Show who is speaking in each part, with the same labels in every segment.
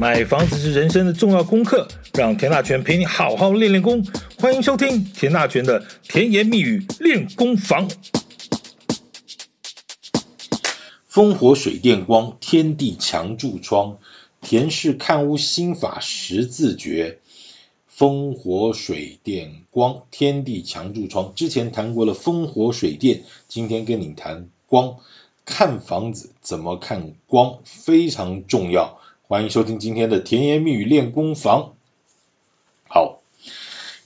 Speaker 1: 買房子是人生的重要功課，讓田大權陪你好好練練功。歡迎收聽田大權的甜言蜜語練功房。風火水電光，天地牆柱窗，田氏看屋心法十字訣。風火水電光，天地牆柱窗。之前談過了風火水電，今天跟你談光，看房子怎麼看光非常重要。歡迎收聽今天的甜言蜜語練功房。好，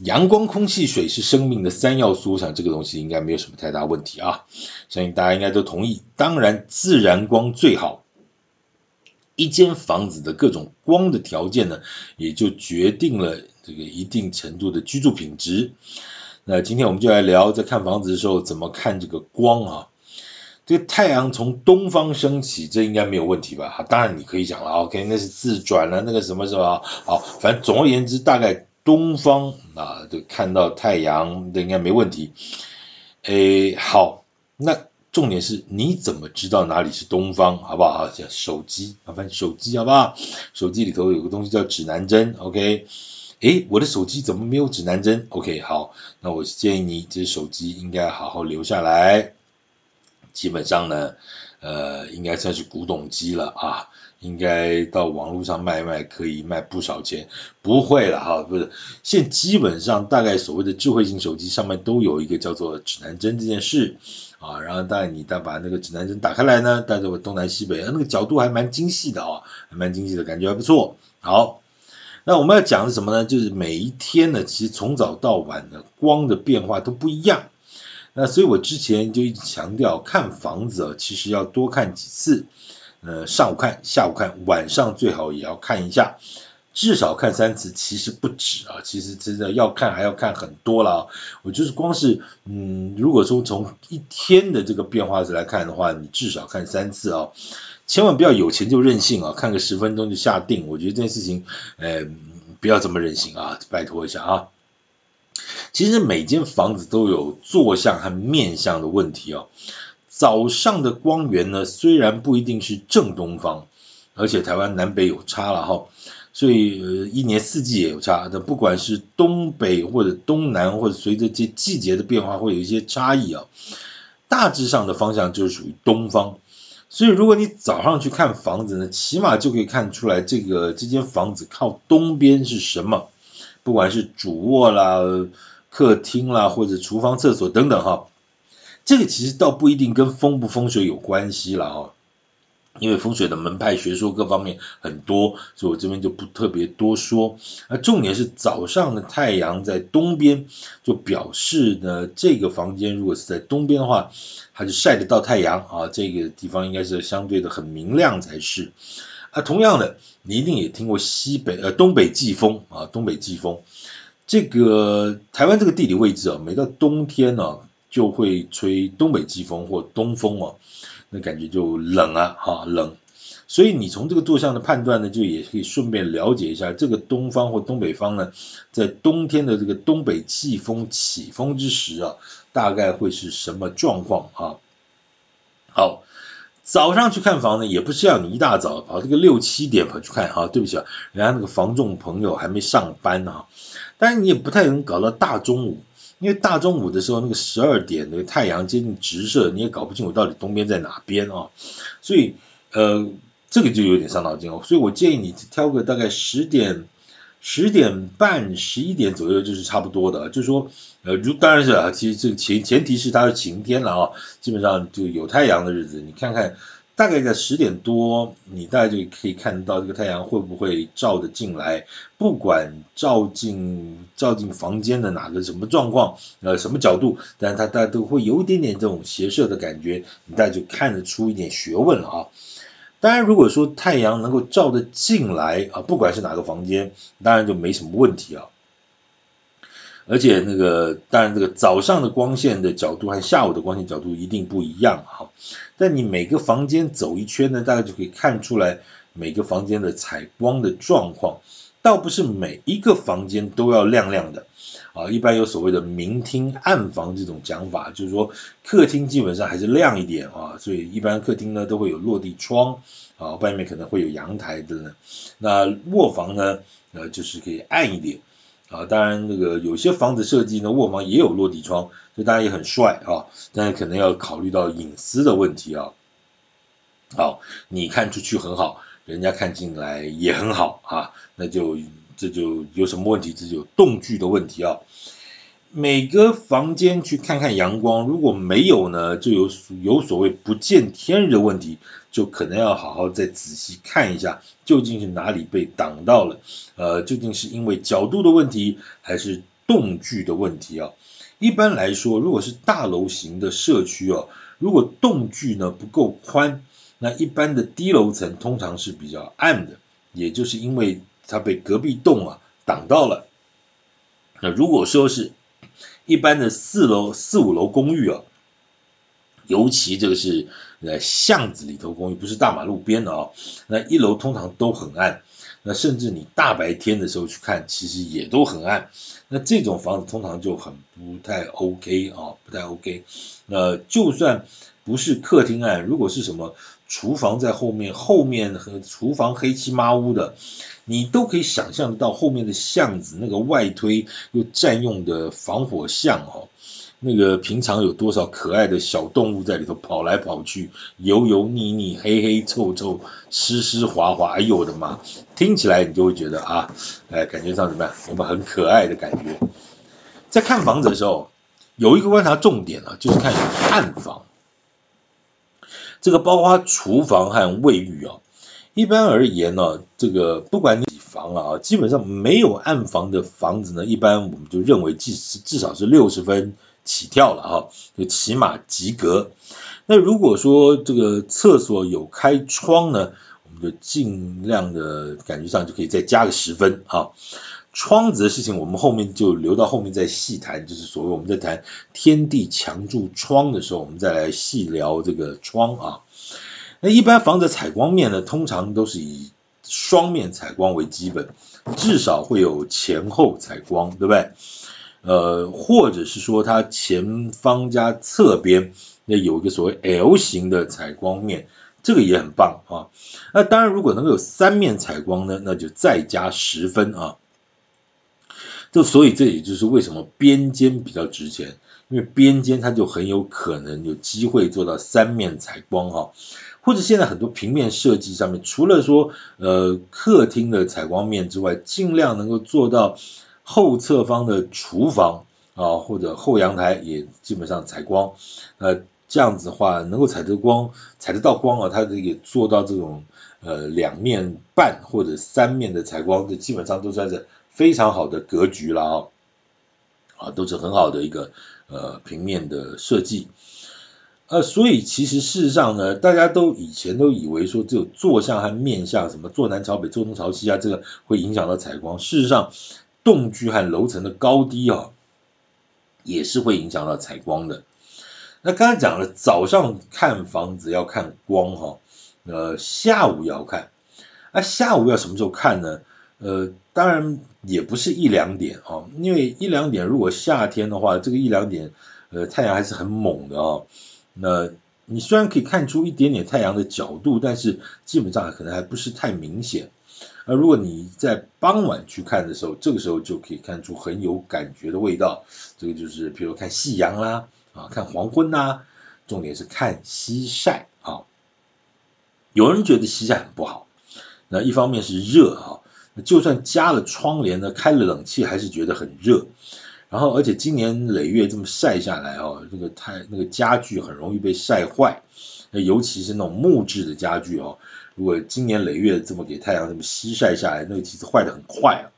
Speaker 1: 陽光、空氣、水是生命的三要素，我想這個東西應該沒有什麼太大問題啊，相信大家應該都同意。當然，自然光最好。一間房子的各種光的條件呢，也就決定了這個一定程度的居住品質。那今天我們就來聊，在看房子的時候怎麼看這個光啊？這個太陽從東方升起，這應該沒有問題吧？好，當然你可以講了，OK，那是自轉了啊，那個什麼什麼，好，反正總而言之，大概東方啊，就看到太陽，應該沒問題。誒，好，那重點是，你怎麼知道哪裡是東方，好不好？好，手機，麻煩手機，好不好？手機裡頭有個東西叫指南針，OK？誒，我的手機怎麼沒有指南針？OK，好，那我建議你這手機應該好好留下來。基本上呢，呃，應該算是古董機了啊，應該到網絡上賣一賣可以賣不少錢。不會了哈，不是，現基本上大概所謂的智慧型手機上面都有一個叫做指南針這件事啊，然後但你再把那個指南針打開來呢，帶著我東南西北，那個角度還蠻精細的啊，還蠻精細的感覺還不錯。好，那我們要講的是什麼呢？就是每一天呢，其實從早到晚呢，光的變化都不一樣。那所以，我之前就一直強調，看房子啊，其實要多看幾次，呃，上午看，下午看，晚上最好也要看一下，至少看三次，其實不止啊，其實真的要看還要看很多了啊。我就是光是，嗯，如果說從一天的這個變化值來看的話，你至少看三次啊，千萬不要有錢就任性啊，看個十分鐘就下定，我覺得這件事情，呃，不要這麼任性啊，拜托一下啊。其實每間房子都有坐向和面向的問題啊、哦。早上的光源呢，雖然不一定是正東方，而且台灣南北有差了哈，所以一年四季也有差。那不管是東北或者東南，或者隨着這季節的變化，會有一些差異啊。大致上的方向就是屬於東方，所以如果你早上去看房子呢，起碼就可以看出來這個這間房子靠東邊是什麼。不管是主臥啦、客廳啦，或者廚房、廁所等等哈，這個其實倒不一定跟風不風水有關係了哈、哦，因為風水的門派學說各方面很多，所以我這邊就不特別多說。而重點是早上的太陽在東邊，就表示呢，這個房間如果是在東邊的話，它就曬得到太陽啊，這個地方應該是相對的很明亮才是。啊，同樣的，你一定也聽過西北呃東北季風啊，東北季風，這個台灣這個地理位置啊，每到冬天呢、啊、就會吹東北季風或東風啊，那感覺就冷啊，哈、啊、冷，所以你從這個坐向的判斷呢，就也可以順便了解一下這個東方或東北方呢，在冬天的這個東北季風起風之時啊，大概會是什麼狀況啊？好。早上去看房呢，也不是要你一大早跑這個六七點跑去看啊！對不起啊，人家那個房仲朋友還沒上班呢、啊、哈。但是你也不太能搞到大中午，因為大中午的時候那個十二點那個太陽接近直射，你也搞不清我到底東邊在哪邊啊。所以呃，這個就有點傷腦筋哦。所以我建議你挑個大概十點。十點半、十一點左右就是差不多的，就是說，呃，如當然是啊，其實這個前前提是它是晴天了啊，基本上就有太陽的日子，你看看，大概在十點多，你大概就可以看到這個太陽會不會照得進來，不管照進照進房間的哪個什麼狀況，呃，什麼角度，但它大家都會有一點點這種斜射的感覺，你大概就看得出一點學問了啊。當然，如果說太陽能夠照得進來啊，不管是哪個房間，當然就沒什麼問題啊。而且那個，當然這個早上的光線的角度和下午的光線角度一定不一樣哈。但你每個房間走一圈呢，大概就可以看出來每個房間的採光的狀況。倒不是每一個房間都要亮亮的。啊，一般有所謂的明廳暗房這種講法，就是說客廳基本上還是亮一點啊，所以一般客廳呢都會有落地窗，啊，外面可能會有陽台的呢。那臥房呢，呃，就是可以暗一點啊。當然，那個有些房子設計呢，臥房也有落地窗，所以大家也很帥啊，但是可能要考慮到隱私的問題啊。好，啊，你看出去很好，人家看進來也很好啊，那就。這就有什麼問題？這就有棟距的問題啊、哦！每個房間去看看陽光，如果沒有呢，就有有所謂不見天日的問題，就可能要好好再仔細看一下，究竟是哪裡被擋到了？呃，究竟是因為角度的問題，還是棟距的問題啊、哦？一般來說，如果是大樓型的社區哦，如果棟距呢不夠寬，那一般的低樓層通常是比較暗的，也就是因為。它被隔壁棟啊擋到了。那如果說是一般的四樓四五樓公寓啊，尤其這個是呃巷子裡頭公寓，不是大馬路邊的啊、哦，那一樓通常都很暗。那甚至你大白天的時候去看，其實也都很暗。那這種房子通常就很不太 OK 啊，不太 OK。那就算不是客廳暗，如果是什麼。廚房在後面，後面和廚房黑漆麻烏的，你都可以想象到後面的巷子那個外推又占用的防火巷哦，那個平常有多少可愛的小動物在裡頭跑來跑去，油油膩膩、黑黑臭臭、濕濕滑滑，哎呦我的媽！聽起來你就會覺得啊，哎，感覺上怎麼樣？我們很可愛的感覺。在看房子的時候，有一個觀察重點啊，就是看暗房。這個包括廚房和衛浴啊，一般而言呢、啊，這個不管你幾房啊，基本上沒有暗房的房子呢，一般我們就認為，即使至少是六十分起跳了啊，就起碼及格。那如果說這個廁所有開窗呢，我們就盡量的感覺上就可以再加個十分啊。窗子的事情，我們後面就留到後面再細談。就是所謂我們在談天地牆柱窗的時候，我們再來細聊這個窗啊。那一般房子採光面呢，通常都是以雙面採光為基本，至少會有前後採光，對不對？呃，或者是說它前方加側邊，那有一個所謂 L 型的採光面，這個也很棒啊。那當然，如果能夠有三面採光呢，那就再加十分啊。就所以這也就是為什麼邊間比較值錢，因為邊間它就很有可能有機會做到三面採光哈、啊，或者現在很多平面設計上面，除了說呃客廳的採光面之外，盡量能夠做到後側方的廚房啊或者後陽台也基本上採光，呃這樣子的話能夠採得光，採得到光啊，它這個做到這種呃兩面半或者三面的採光，就基本上都算是。非常好的格局啦，啊，都是很好的一個呃平面的設計，呃，所以其實事實上呢，大家都以前都以為說只有坐向和面向，什麼坐南朝北、坐東朝西啊，這個會影響到採光。事實上，棟距和樓層的高低啊，也是會影響到採光的。那剛才講了，早上看房子要看光哈，啊，呃，下午要看，那，啊，下午要什麼時候看呢？呃，當然也不是一兩點啊，因為一兩點如果夏天的話，這個一兩點，呃，太陽還是很猛的啊。那你雖然可以看出一點點太陽的角度，但是基本上可能還不是太明顯。而如果你在傍晚去看的時候，這個時候就可以看出很有感覺的味道。這個就是，比如看夕陽啦，啊，看黃昏吶，重點是看西曬啊。有人覺得西曬很不好，那一方面是熱啊。就算加了窗簾呢，開了冷氣還是覺得很熱。然後，而且經年累月這麼曬下來哦，那個太，那個家具很容易被曬壞。尤其是那種木質的家具哦，如果經年累月這麼給太陽這麼西曬下來，那個其實壞的很快啊。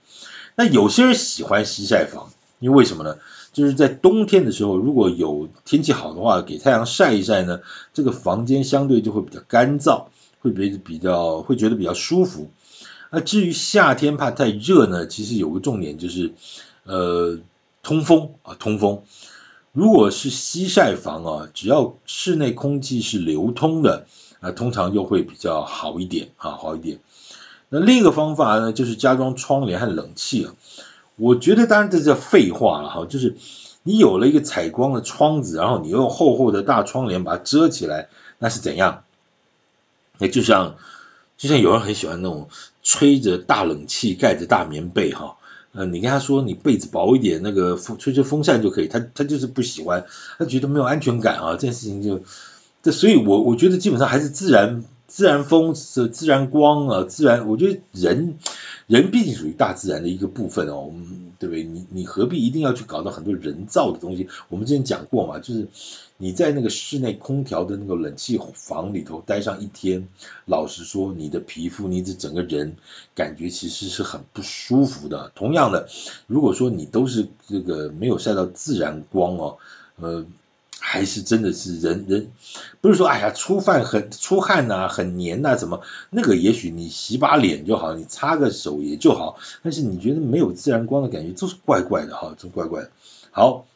Speaker 1: 那有些人喜歡西曬房，因為為什麼呢？就是在冬天的時候，如果有天氣好的話，給太陽曬一曬呢，這個房間相對就會比較乾燥，會比比較會覺得比較舒服。那至於夏天怕太熱呢，其實有個重點就是，呃，通風啊，通風。如果是西曬房啊，只要室內空氣是流通的啊，通常就會比較好一點啊，好一點。那另一個方法呢，就是加裝窗簾和冷氣啊。我覺得當然這叫廢話了哈，就是你有了一個採光的窗子，然後你用厚厚的大窗簾把它遮起來，那是怎樣？那就像。就像有人很喜歡那種吹着大冷氣、蓋着大棉被哈，呃，你跟他說你被子薄一點，那個風吹吹風扇就可以，他他就是不喜歡，他覺得沒有安全感啊，這件事情就這，所以我我覺得基本上還是自然自然風、自然光啊，自然，我覺得人人畢竟屬於大自然的一個部分哦，對不對？你你何必一定要去搞到很多人造的東西？我們之前講過嘛，就是。你在那個室內空調的那個冷氣房裡頭待上一天，老實說，你的皮膚，你的整個人感覺其實是很不舒服的。同樣的，如果說你都是這個沒有曬到自然光哦，呃，還是真的是人人不是說哎呀出汗很出汗吶，很黏吶，什麼那個也許你洗把臉就好，你擦個手也就好，但是你覺得沒有自然光的感覺就是怪怪的哈，真怪怪的。好。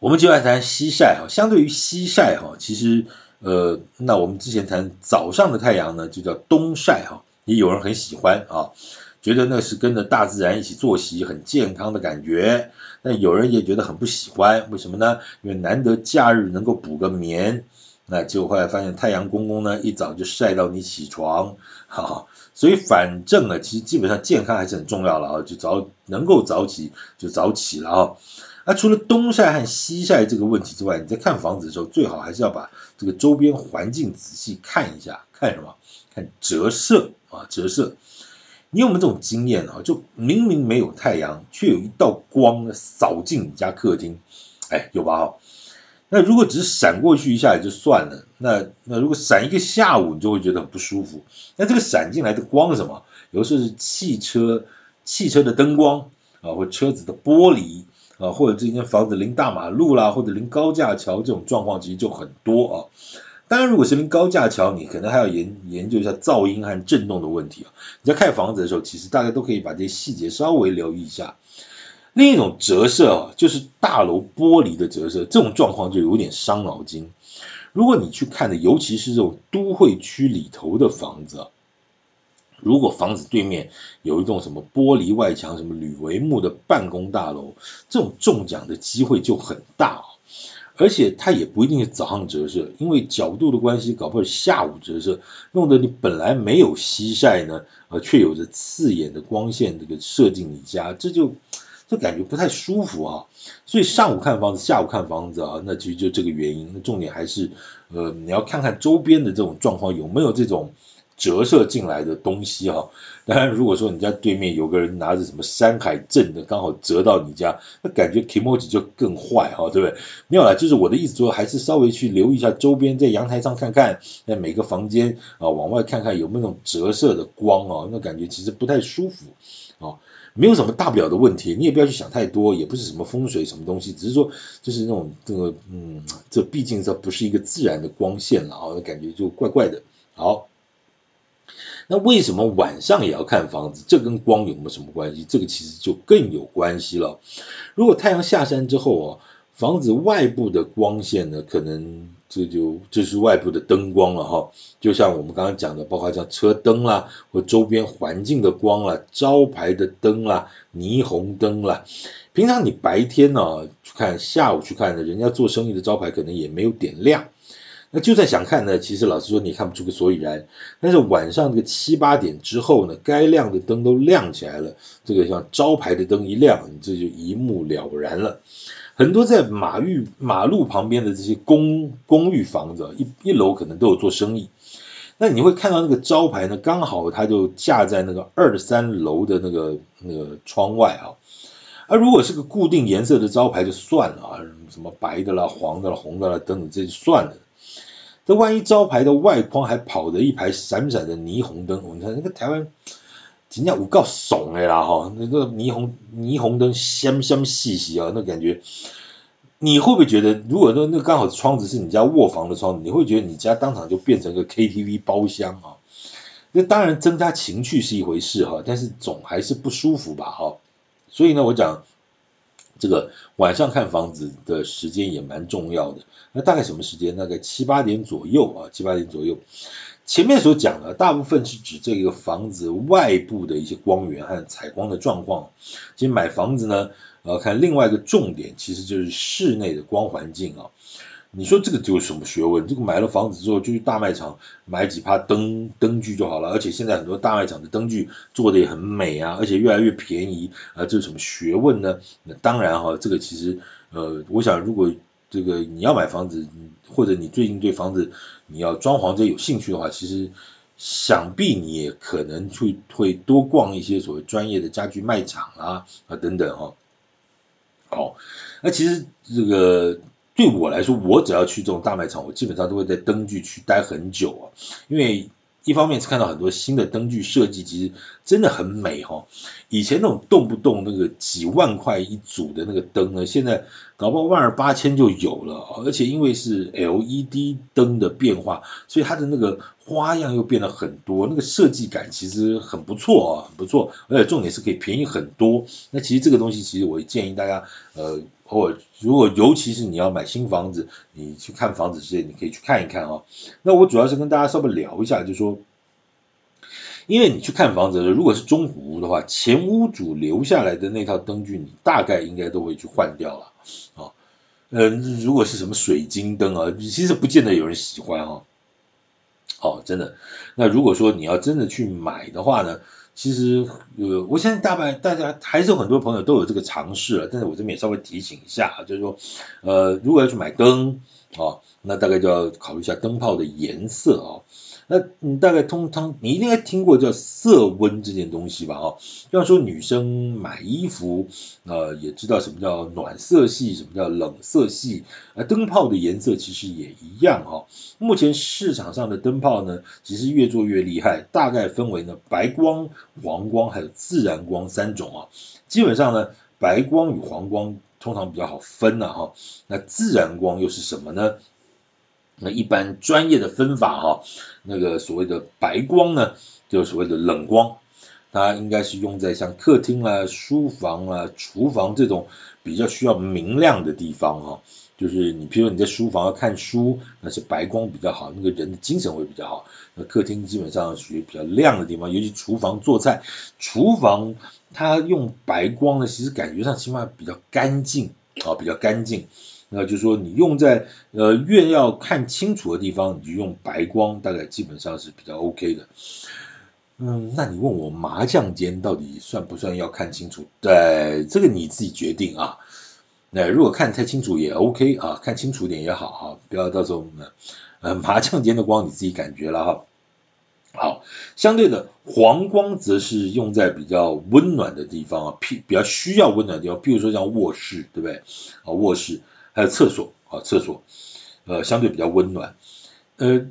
Speaker 1: 我們就愛談西曬哈，相對於西曬哈，其實呃，那我們之前談早上的太陽呢，就叫東曬哈，也有人很喜歡啊，覺得那是跟着大自然一起作息很健康的感覺。那有人也覺得很不喜歡，為什麼呢？因為難得假日能夠補個眠，那就會發現太陽公公呢一早就曬到你起床，所以反正啊，其實基本上健康還是很重要的啊，就早能夠早起就早起了啊。那、啊，除了東曬和西曬這個問題之外，你在看房子的時候，最好還是要把這個周邊環境仔細看一下。看什麼？看折射啊，折射。你有沒有這種經驗啊？就明明沒有太陽，卻有一道光掃進你家客廳，哎，有吧？哈。那如果只是閃過去一下也就算了，那那如果閃一個下午，你就會覺得很不舒服。那這個閃進來的光是什麼？有的時候是汽車、汽車的燈光啊，或車子的玻璃。啊，或者這間房子臨大馬路啦，或者臨高架橋這種狀況其實就很多啊。當然，如果是臨高架橋，你可能還要研研究一下噪音和震動的問題啊。你在看房子的時候，其實大家都可以把這些細節稍微留意一下。另一種折射啊，就是大樓玻璃的折射，這種狀況就有點傷腦筋。如果你去看的，尤其是這種都會區裡頭的房子。如果房子對面有一棟什麼玻璃外牆、什麼鋁帷幕的辦公大樓，這種中獎的機會就很大啊。而且它也不一定是早上折射，因為角度的關係，搞不好下午折射，弄得你本來沒有西曬呢，呃，卻有着刺眼的光線這個射進你家，這就就感覺不太舒服啊。所以上午看房子，下午看房子啊，那其實就這個原因。重點還是呃，你要看看周邊的這種狀況有沒有這種。折射進來的東西哈、哦，當然如果說你家對面有個人拿着什麼山海鎮的，剛好折到你家，那感覺 Kimochi 就更壞哈、哦，對不對？沒有啦，就是我的意思說，說還是稍微去留意一下周邊，在陽台上看看，在每個房間啊往外看看有沒有那種折射的光啊，那感覺其實不太舒服啊，沒有什麼大不了的問題，你也不要去想太多，也不是什麼風水什麼東西，只是說就是那種這、那個嗯，這畢竟這不是一個自然的光線了啊，那感覺就怪怪的。好。那為什麼晚上也要看房子？這跟光有沒有什麼關係？這個其實就更有關係了。如果太陽下山之後哦、啊，房子外部的光線呢，可能這就這是外部的燈光了哈。就像我們剛剛講的，包括像車燈啦，或周邊環境的光啦，招牌的燈啦，霓虹燈啦。平常你白天呢、啊、去看，下午去看呢，人家做生意的招牌可能也沒有點亮。那就算想看呢，其實老實說你看不出個所以然。但是晚上這個七八點之後呢，該亮的燈都亮起來了，這個像招牌的燈一亮，你這就一目了然了。很多在馬路馬路旁邊的這些公公寓房子，一一樓可能都有做生意，那你會看到那個招牌呢，剛好它就架在那個二三樓的那個那個窗外啊。而如果是個固定顏色的招牌就算了啊，什麼白的啦、黃的啦、紅的啦、等等，這就算了。這萬一招牌的外框還跑着一排閃閃的霓虹燈，你看那個台灣，人家五告聳的啦哈，那個霓虹霓虹燈，香香細細啊，那個、感覺，你會不會覺得，如果那那剛好窗子是你家臥房的窗子，你會覺得你家當場就變成一個 KTV 包廂啊？那當然增加情趣是一回事哈，但是總還是不舒服吧哈。所以呢，我講。這個晚上看房子的時間也蠻重要的，那大概什麼時間？大概七八點左右啊，七八點左右。前面所講的大部分是指這個房子外部的一些光源和採光的狀況。其實買房子呢，呃，看另外一個重點，其實就是室內的光環境啊。你說這個就是什麼學問？這個買了房子之後，就去大賣場買幾帕燈燈具就好了。而且現在很多大賣場的燈具做得也很美啊，而且越來越便宜啊、呃，這是什麼學問呢？那當然哈、哦，這個其實呃，我想如果這個你要買房子，或者你最近對房子你要裝潢這有興趣的話，其實想必你也可能去會、會多逛一些所謂專業的家具賣場啊，啊、呃、等等哈、哦。好，那其實這個。對我來說，我只要去這種大賣場，我基本上都會在燈具區待很久啊、哦。因為一方面是看到很多新的燈具設計，其實真的很美哈、哦。以前那種動不動那個幾萬塊一組的那個燈呢，現在。搞不好萬兒八千就有了，而且因為是 LED 燈的變化，所以它的那個花樣又變了很多，那個設計感其實很不錯啊，很不錯。而且重點是可以便宜很多。那其實這個東西，其實我建議大家，呃、或、哦、如果尤其是你要買新房子，你去看房子之前，你可以去看一看啊、哦。那我主要是跟大家稍微聊一下，就說。因為你去看房子的時候，如果是中古屋的話，前屋主留下來的那套燈具，你大概應該都會去換掉了。嗯，哦，呃，如果是什麼水晶燈啊，其實不見得有人喜歡啊。哦，真的。那如果說你要真的去買的話呢，其實呃，我現在大半大家還是有很多朋友都有這個嘗試了，但是我這邊也稍微提醒一下，就是說呃，如果要去買燈。啊、哦，那大概就要考慮一下燈泡的顏色啊、哦。那你大概通常你應該聽過叫色溫這件東西吧、哦？啊，要說女生買衣服，呃，也知道什麼叫暖色系，什麼叫冷色系。啊、呃，燈泡的顏色其實也一樣啊、哦。目前市場上的燈泡呢，其實越做越厲害，大概分為呢白光、黃光還有自然光三種啊、哦。基本上呢，白光與黃光。通常比較好分哈，那自然光又是什麼呢？那一般專業的分法哈，那個所謂的白光呢，就是所謂的冷光，它應該是用在像客廳啊、書房啊、廚房這種比較需要明亮的地方哈。就是你，譬如你在書房要看書，那是白光比較好，那個人的精神會比較好。那客廳基本上屬於比較亮的地方，尤其廚房做菜，廚房它用白光呢，其實感覺上起碼比較乾淨啊、哦，比較乾淨。那就是說，你用在呃越要看清楚的地方，你就用白光，大概基本上是比較 OK 的。嗯，那你問我麻將間到底算不算要看清楚？對，這個你自己決定啊。那如果看太清楚也 OK 啊，看清楚點也好哈、啊，不要到時候嗯、呃、麻將間的光你自己感覺了哈。好，相對的黃光則是用在比較溫暖的地方啊，比比較需要溫暖的地方，比如說像臥室，對不對啊？臥室還有廁所啊，廁所呃相對比較溫暖。呃，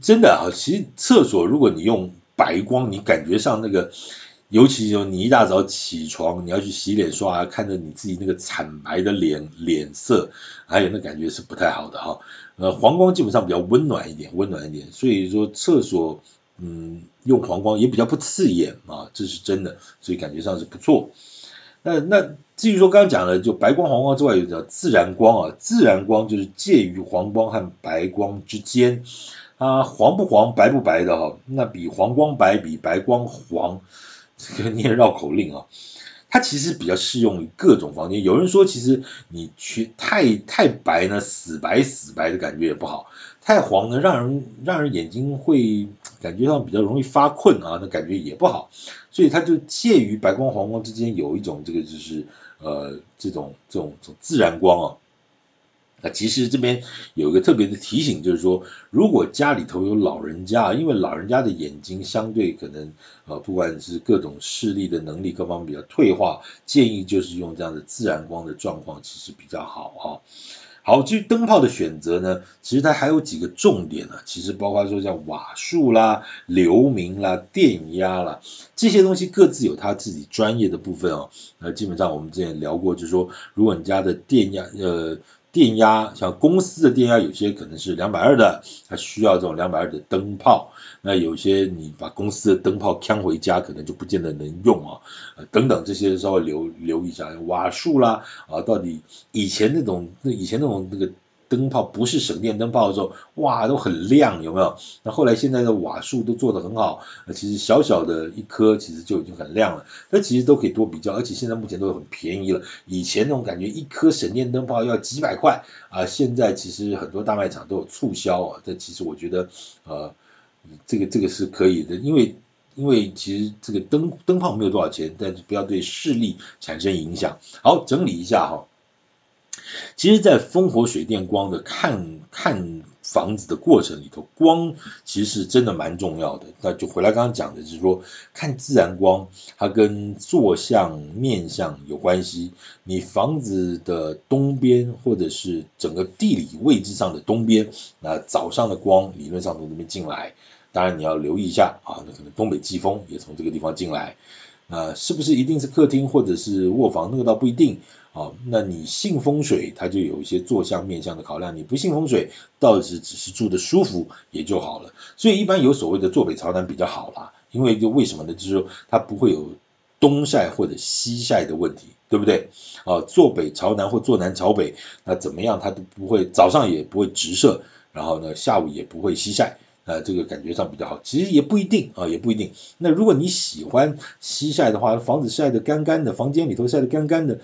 Speaker 1: 真的啊，其實廁所如果你用白光，你感覺上那個。尤其是你一大早起床，你要去洗臉刷牙，啊，看着你自己那個慘白的臉臉色，還、哎、有那感覺是不太好的哈。呃，黃光基本上比較溫暖一點，溫暖一點，所以說廁所，嗯，用黃光也比較不刺眼啊，這是真的，所以感覺上是不錯。那那至於說剛剛講的，就白光、黃光之外，有叫自然光啊，自然光就是介於黃光和白光之間啊，黃不黃，白不白的哈，那比黃光白，比白光黃。這個念繞口令啊，它其實比較適用於各種房間。有人說，其實你去太太白呢，死白死白的感覺也不好；太黃呢，讓人讓人眼睛會感覺到比較容易發困啊，那感覺也不好。所以它就介於白光黃光之間，有一種這個就是呃這種這種這種自然光啊。那其實這邊有一個特別的提醒，就是說，如果家裡頭有老人家，因為老人家的眼睛相對可能呃，不管是各種視力的能力各方面比較退化，建議就是用這樣的自然光的狀況其實比較好哈、哦。好，至於燈泡的選擇呢，其實它還有幾個重點啊，其實包括說像瓦數啦、流明啦、電壓啦這些東西，各自有它自己專業的部分哦。那基本上我們之前聊過，就是說，如果你家的電壓呃。電壓像公司的電壓，有些可能是兩百二的，它需要這種兩百二的燈泡。那有些你把公司的燈泡扛回家，可能就不見得能用啊。呃、等等這些稍微留留意一下，瓦數啦啊，到底以前那種那以前那種那個。燈泡不是省電燈泡的時候，哇，都很亮，有沒有？那後來現在的瓦數都做得很好，呃、其實小小的一顆其實就已經很亮了。那其實都可以多比較，而且現在目前都很便宜了。以前那種感覺，一顆省電燈泡要幾百塊啊、呃，現在其實很多大賣場都有促銷啊、哦。但其實我覺得，呃，這個這個是可以的，因為因為其實這個燈燈泡沒有多少錢，但是不要對視力產生影響。好，整理一下哈、哦。其實，在風火水電光的看看房子的過程裡頭，光其實是真的蠻重要的。那就回來剛剛講的，就是說看自然光，它跟坐向、面向有關係。你房子的東邊，或者是整個地理位置上的東邊，那早上的光理論上從那邊進來。當然你要留意一下啊，那可能東北季風也從這個地方進來。那是不是一定是客廳或者是臥房？那個倒不一定。哦，那你信風水，它就有一些坐向面向的考量；你不信風水，倒是只是住得舒服也就好了。所以一般有所謂的坐北朝南比較好啦，因為就為什麼呢？就是說它不會有東曬或者西曬的問題，對不對？哦，坐北朝南或坐南朝北，那怎麼樣它都不會，早上也不會直射，然後呢，下午也不會西曬。呃，這個感覺上比較好，其實也不一定啊，也不一定。那如果你喜歡西曬的話，房子曬得乾乾的，房間裡頭曬得乾乾的，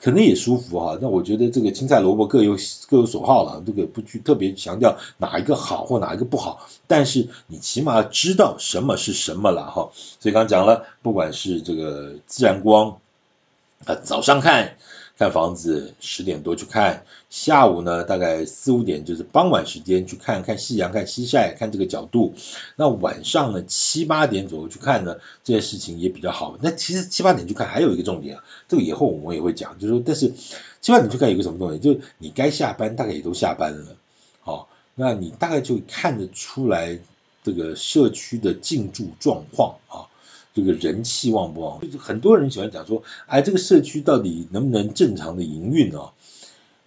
Speaker 1: 可能也舒服哈。那我覺得這個青菜蘿蔔各有各有所好了，這個不去特別強調哪一個好或哪一個不好，但是你起碼知道什麼是什麼了哈。所以剛講了，不管是這個自然光，啊、呃，早上看。看房子，十點多去看，下午呢，大概四五點就是傍晚時間去看看夕陽、看西曬、看這個角度。那晚上呢，七八點左右去看呢，這些事情也比較好。那其實七八點去看還有一個重點啊，這個以後我們也會講，就是說，但是七八點去看有個什麼重點，就是你該下班大概也都下班了，好、哦，那你大概就看得出來這個社區的進駐狀況啊。哦這個人氣旺不旺？就是很多人喜歡講說，哎，這個社區到底能不能正常的營運哦？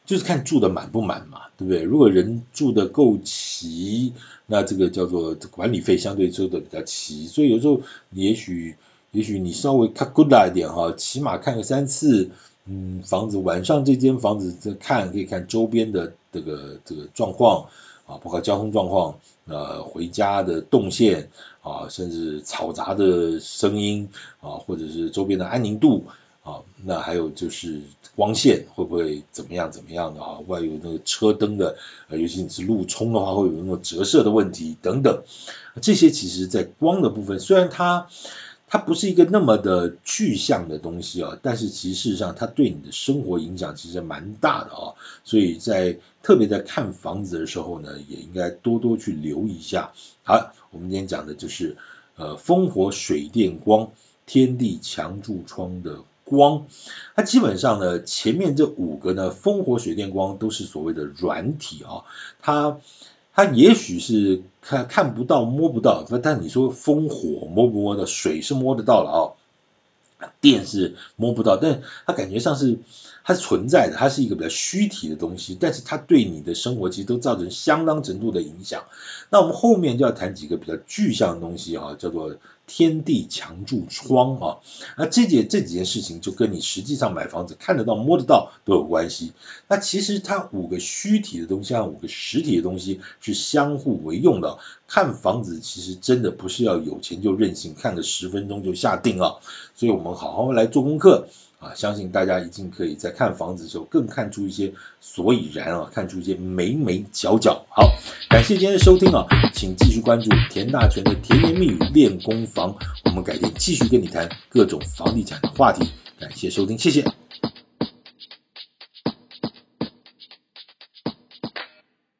Speaker 1: 就是看住的滿不滿嘛，對不對？如果人住的夠齊，那這個叫做管理費相對收的比較齊。所以有時候，你也許也許你稍微看 good 啦一點哈，起碼看個三次，嗯，房子晚上這間房子看可以看周邊的這個這個狀況。啊，包括交通狀況，呃，回家的動線啊，甚至嘈雜的聲音啊，或者是周邊的安寧度啊，那還有就是光線會不會怎麼樣怎麼樣的啊？外有那個車燈的，啊，尤其你是路衝的話，會有那種折射的問題等等。這些其實在光的部分，雖然它。它不是一個那麼的具象的東西啊、哦，但是其實事實上它對你的生活影響其實蠻大的啊、哦。所以在特別在看房子的時候呢，也應該多多去留意一下。好，我們今天講的就是呃，風火水電光天地牆柱窗的光，它基本上呢，前面這五個呢，風火水電光都是所謂的軟體啊、哦，它。它也許是看看不到、摸不到，但你說風火摸不摸到？水是摸得到了啊、哦，電是摸不到，但它感覺像是。它是存在的，它是一個比較虛體的東西，但是它對你的生活其實都造成相當程度的影響。那我們後面就要談幾個比較具象的東西哈、啊，叫做天地牆柱窗啊，那這幾這幾件事情就跟你實際上買房子看得到摸得到都有關係。那其實它五個虛體的東西和五個實體的東西是相互為用的。看房子其實真的不是要有錢就任性，看個十分鐘就下定了，所以我們好好來做功課。啊，相信大家一定可以在看房子的時候更看出一些所以然啊，看出一些眉眉角角。好，感謝今天的收聽啊，請繼續關注田大權的甜言蜜語練功房，我們改天繼續跟你談各種房地產的話題。感謝收聽，謝謝。